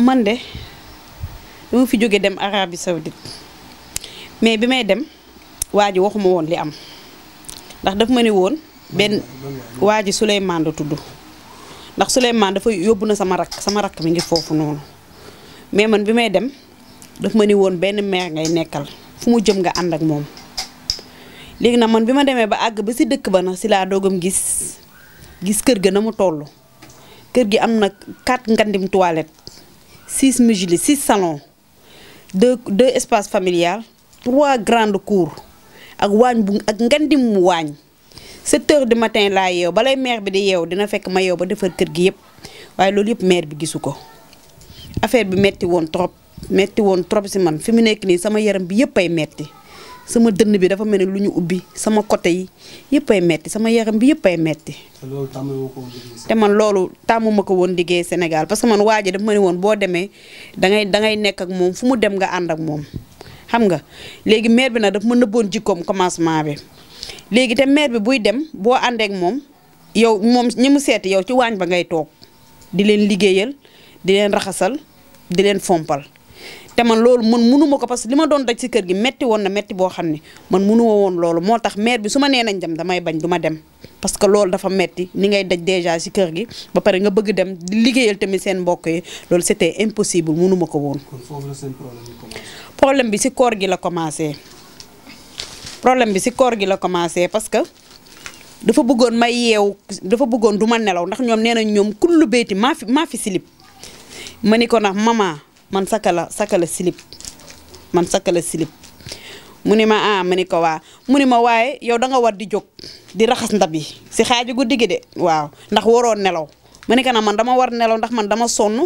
man de dama fi jóge dem Arabie Saoudite mais bi may dem waa ji waxuma woon li am ndax daf ma ne woon benn waa ji Souleymane la tudd ndax Souleymane dafa yóbbu na sama rakk sama rakk mi ngi foofu noonu mais man bi may dem daf ma ni woon benn meer ngay nekkal fu mu jëm nga ànd ak moom léegi nag man bi ma demee ba àgg ba si dëkk ba na si laa doogam gis gis kër gi na mu toll kër gi am na quatre ngandim toilette six mugili six salons deux deux espaces familiales trois grandes cours ak waañ bu ak ngandim mu waañ sept heures du matin laa yeew balay meer bi di yeew dina fekk ma yeew ba defar kër gi yëpp waaye loolu yëpp maire bi gisu ko affaire bi metti woon trop metti woon trop si man fi mu nekk nii sama yaram bi yëpp ay metti sama dënn bi dafa mel ni lu ñu ubbi sama côté yi yëpp ay metti sama yaram bi yëpp ay metti te man loolu tàmmuma ko woon liggéey Sénégal parce que man waa ji dafa ma ne woon boo demee dangay dangay nekk ak moom fu mu dem nga ànd ak moom xam nga léegi maire bi nag daf ma nëbboon jikkoom commencement bi léegi te maire bi buy dem boo àndeek moom yow moom ñi mu seeti yow ci waañ ba ngay toog di leen liggéeyal di leen raxasal di leen fompal te man loolu man munu ko parce que li ma doon daj si kër gi métti woon na métti boo xam ne man munu woon loolu moo tax maire bi su ma nee bañ du dem parce que loolu dafa metti ni ngay daj déjà si kër gi ba pare nga bëgg dem liggéeyal tamit seen mbokk yi loolu c'était impossible munu ma ko woon. problème bi si koor gi la commencé problème bi si koor gi la commencé parce que dafa bëggoon may yeew dafa bëggoon du ma nelaw ndax ñoom nee nañ ñoom kullu beeti maa fi maa fi silib ma ni ko ndax maman. man sakala sakala silib man sakala silib mu ni ma ah mu ni ko waa mu ni ma waaye yow da nga war di jóg di raxas ndab yi si xaaju guddi gi de waaw ndax waroon nelaw mu ni ko nag man dama war nelaw ndax man dama sonn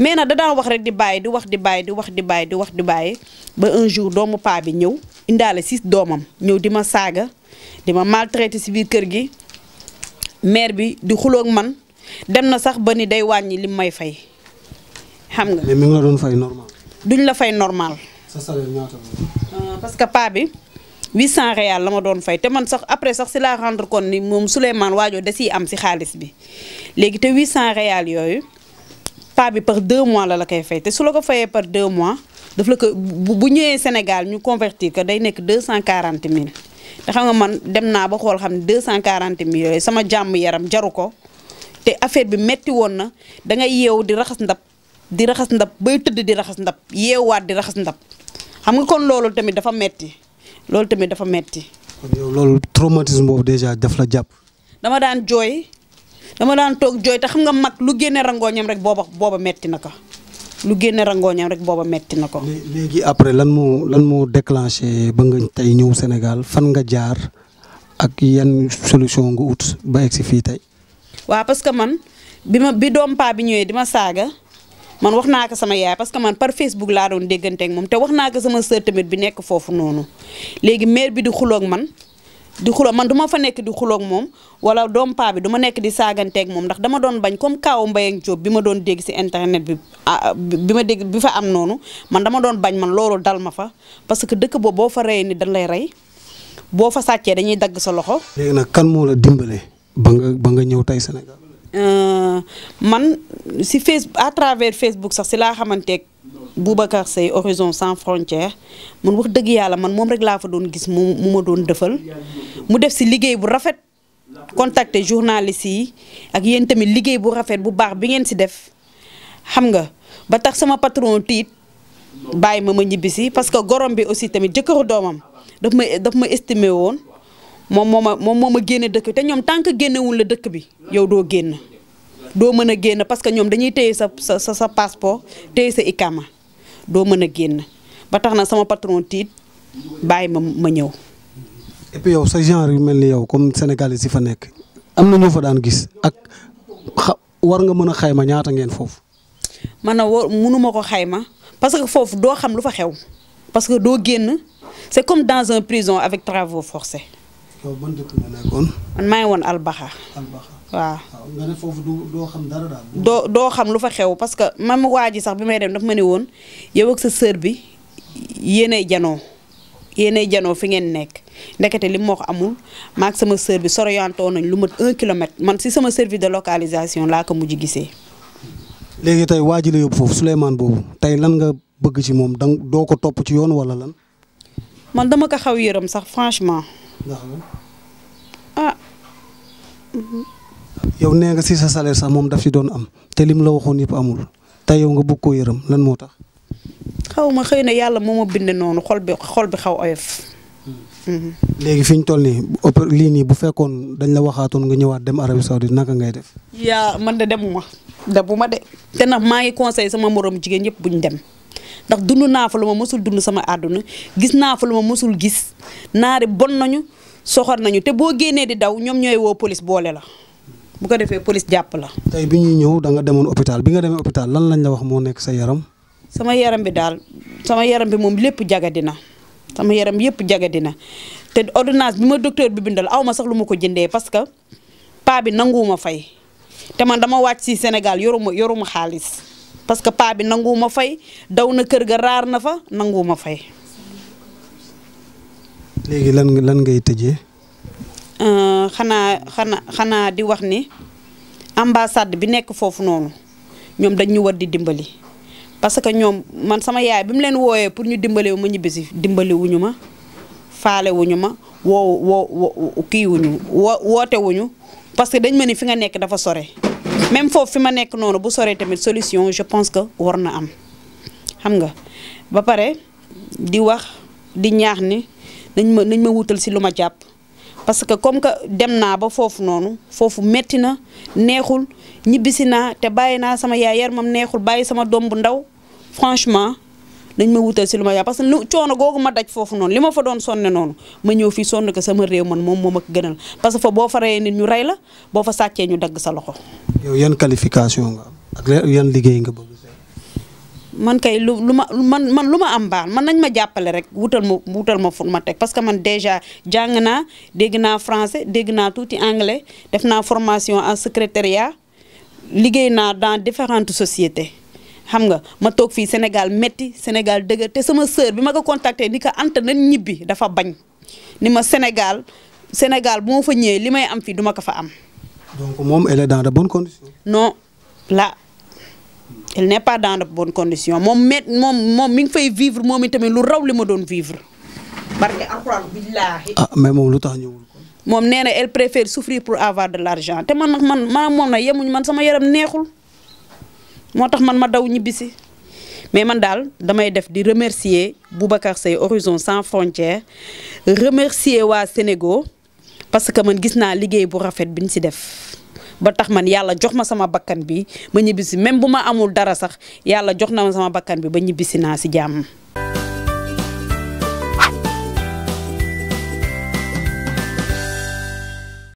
mais nag da daan wax rek di bàyyi di wax di bàyyi di wax di bàyyi di wax di bàyyi ba un jour doomu paa bi ñëw indaale si doomam ñëw di ma saaga di ma maltraité si biir kër gi mère bi di xuloog man dem na sax ba ni day wàññi lim may fay xam nga. mais mi ngi normal. duñ la fay normal. sa salaire ñaata euh, parce que paa bi 800 réal la ma doon fay te man sax après sax si rendre compte ni moom Souleymane waajoo da siy am si xaalis bi léegi te 800 réal yooyu paa bi par 2 mois la la koy fay su la ko fayee par 2 mois daf la ko bu ñëwee Sénégal ñu convertir day nekk 240 000 te xam nga man dem naa ba xool xam ne deux 240 000 yooyu sama jàmm yaram jaru ko te affaire bi metti woon na da ngay yeewu di raxas ndab. di raxas ndab bay tëdd di raxas ndab yeewaat di raxas ndab xam nga kon loolu tamit dafa metti loolu tamit dafa metti kon yow loolu traumatisme boobu déjà daf la jàpp. dama daan jooy dama daan toog jooy te xam nga mag lu génne rangooñam rek booba booba metti na ko lu génne rangooñam rek booba metti na ko. léegi après lan moo lan moo déclenché ba nga tey ñëw Sénégal fan nga jaar ak yan solution nga ut ba egsi fii tey. waaw parce que man bi ma bi doom paa bi ñëwee di ma saaga. man wax naa ko sama yaay parce que man par Facebook laa doon déggante moom te wax naa ko sama sœur bi nekk foofu noonu léegi maire bi di xuloog man di xuloog man du fa nekk di xuloog moom wala doom paa bi du nekk di saaganteek moom ndax dama doon bañ comme kaaw Mbayang Diop bi ma doon dégg si internet bi bi ma dégg bi fa am noonu man dama doon bañ man loolu dal ma fa parce que dëkk boobu boo fa reyee ni dañ lay rey boo fa sàccee dañuy dagg sa loxo. léegi nag kan moo la dimbale ba nga ba nga ñëw tey Sénégal. Euh, man si face à travers Facebook sax si laa xamanteeg Boubacar Seye Horizon Sans frontière man wax dëgg yàlla man moom rek laa fa doon gis mu mu ma doon dëfal mu def si liggéey bu rafet contacter journalistes yi ak yéen tamit liggéey bu rafet bu baax bi ngeen si def xam nga ba tax sama patron tiit bàyyi ma ma ñibbisi parce que gorom bi aussi tamit jëkkëru doomam daf ma daf ma estimé woon. moom moo ma moom moo ma génne dëkk te ñoom tant que génnewul la dëkk bi yow doo génn doo mën a génn parce que ñoom dañuy téye sa sa sa sa passeport téye sa ikama doo mën a génn ba tax na sama patron tiit bàyyi ma ma ñëw. et puis yow sa genre yu mel ni yow comme sénégalais yi fa nekk am na ñoo fa daan gis ak war nga mën a xayma ñaata ngeen foofu. man na war mënuma ko xayma parce que foofu doo xam lu fa xew parce que doo génn c'est comme dans un prison avec travaux forcés. yow ban man maa ngi woon albaxa. albaxa foofu du doo xam doo doo xam lu fa xew parce que man waa ji sax bi may dem daf ma ne woon yow ak sa sœur bi yéenay janoo yéenay janoo fi ngeen nekk ndekete li moo wax amul maak sama sœur bi soroyantoo nañ lu mat un kilomètre man si sama service de localisation laa ko mujj gisee. léegi tey waa ji la yóbbu foofu Souleymane boobu tey lan nga bëgg ci moom dang doo ko topp ci yoon wala lan. man dama ko xaw yërëm sax franchement. ndax moom. ah. Mm-hmm. yow nee nga si sa salaire sax moom daf si doon am te lim la waxoon yëpp amul te yow nga bëgg koo yërëm lan moo tax. xaw ma xëy na yàlla moom ma bind noonu xol bi xol bi xaw oyof. Mm-hmm. léegi fi ñu toll nii lii nii bu fekkoon dañ la waxaatoon nga ñëwaat dem Arabie Saoudite naka ngay def. yaa man de demuma. de bu ma de. te nag maa ngi conseil sama morom jigéen ñëpp bu ñu dem. ndax dund naa fa lu ma mësul dund sama àdduna gis naa fa lu ma mësul gis naari bon nañu soxor nañu te boo génnee di daw ñoom ñooy woo police boole la bu ko defee police jàpp la. tey bi ñuy ñëw da nga demoon hôpital bi nga demee hôpital lan lañ la wax moo nekk sa yaram. sama yaram bi daal sama yaram bi moom lépp jagadi na sama yaram yëpp jagadi na te ordonnance bi ma docteur bi bindal aw ma sax lu ma ko jëndee parce que paa bi nanguwuma fay te man dama wàcc si Sénégal yoruma yoruma xaalis. parce que paa bi nanguwuma fay daw na kër ga raar na fa nanguwuma fay. léegi lan lan ngay tëjee. Euh, xanaa xanaa di wax ni ambassade bi nekk foofu noonu ñoom dañ ñu war di dimbali parce que ñoom man sama yaay bi mu leen wooyee pour ñu dimbali wu ma ñibbisi dimbali ma faale wuñu ma woo woo kii wuñu wo woote parce que dañ ma ni fi nga nekk dafa sore. même foofu fi ma nekk noonu bu soree tamit solution je pense que war na am xam nga ba pare di wax di ñaax ni nañ ma nañ ma wutal si lu ma jàpp parce que comme que dem naa ba foofu noonu foofu metti na neexul ñibbisi naa te bàyyi naa sama yaay ma neexul bàyyi sama doom bu ndaw franchement nañ ma wutal si lu ma que lu coono googu ma daj foofu noonu li ma fa doon sonne noonu ma ñëw fii sonn ko sama réew man moom moom ak gënal parce que fa boo fa reyee la boo fa sàccee ñu dagg sa loxo. yow yan nga am liggéey nga bëgg. man kay lu lu ma man man lu ma am baal man nañ ma jàppale rek wutal ma wutal ma fu ma teg parce que man déjà jàng naa dégg naa francais dégg naa tuuti anglais def naa formation en secrétariat liggéey naa dans différentes sociétés xam nga ma toog fii Sénégal métti Sénégal dëgër te sama sœur bi ma ko contacté ni ko Anta nañ ñibbi dafa bañ ni ma Sénégal Sénégal bu ma fa ñëwee li may am fii duma ko fa am. donc moom elle est dans de bonnes conditions. non là elle n'est moom mét moom mi ngi fay vivre moom itamit lu raw li ma doon vivre. barke alxuraan billaahi. ah mais moom lu tax ñëwul ko. moom nee na elle préfère souffrir pour avoir de l'argent te man nag man maanaam moom nag yemuñu man sama yaram neexul. moo tax man ma daw ñibbisi mais man daal damay def di remercier Boubacar Seye Horizon Sans Frontières remercier waa Sénégal parce que man gis naa liggéey bu rafet bi ñu si def. ba tax man yàlla jox ma sama bakkan bi ma ñibbisi même bu ma amul dara sax yàlla jox na ma sama bakkan bi ba ñibbisi naa si jàmm.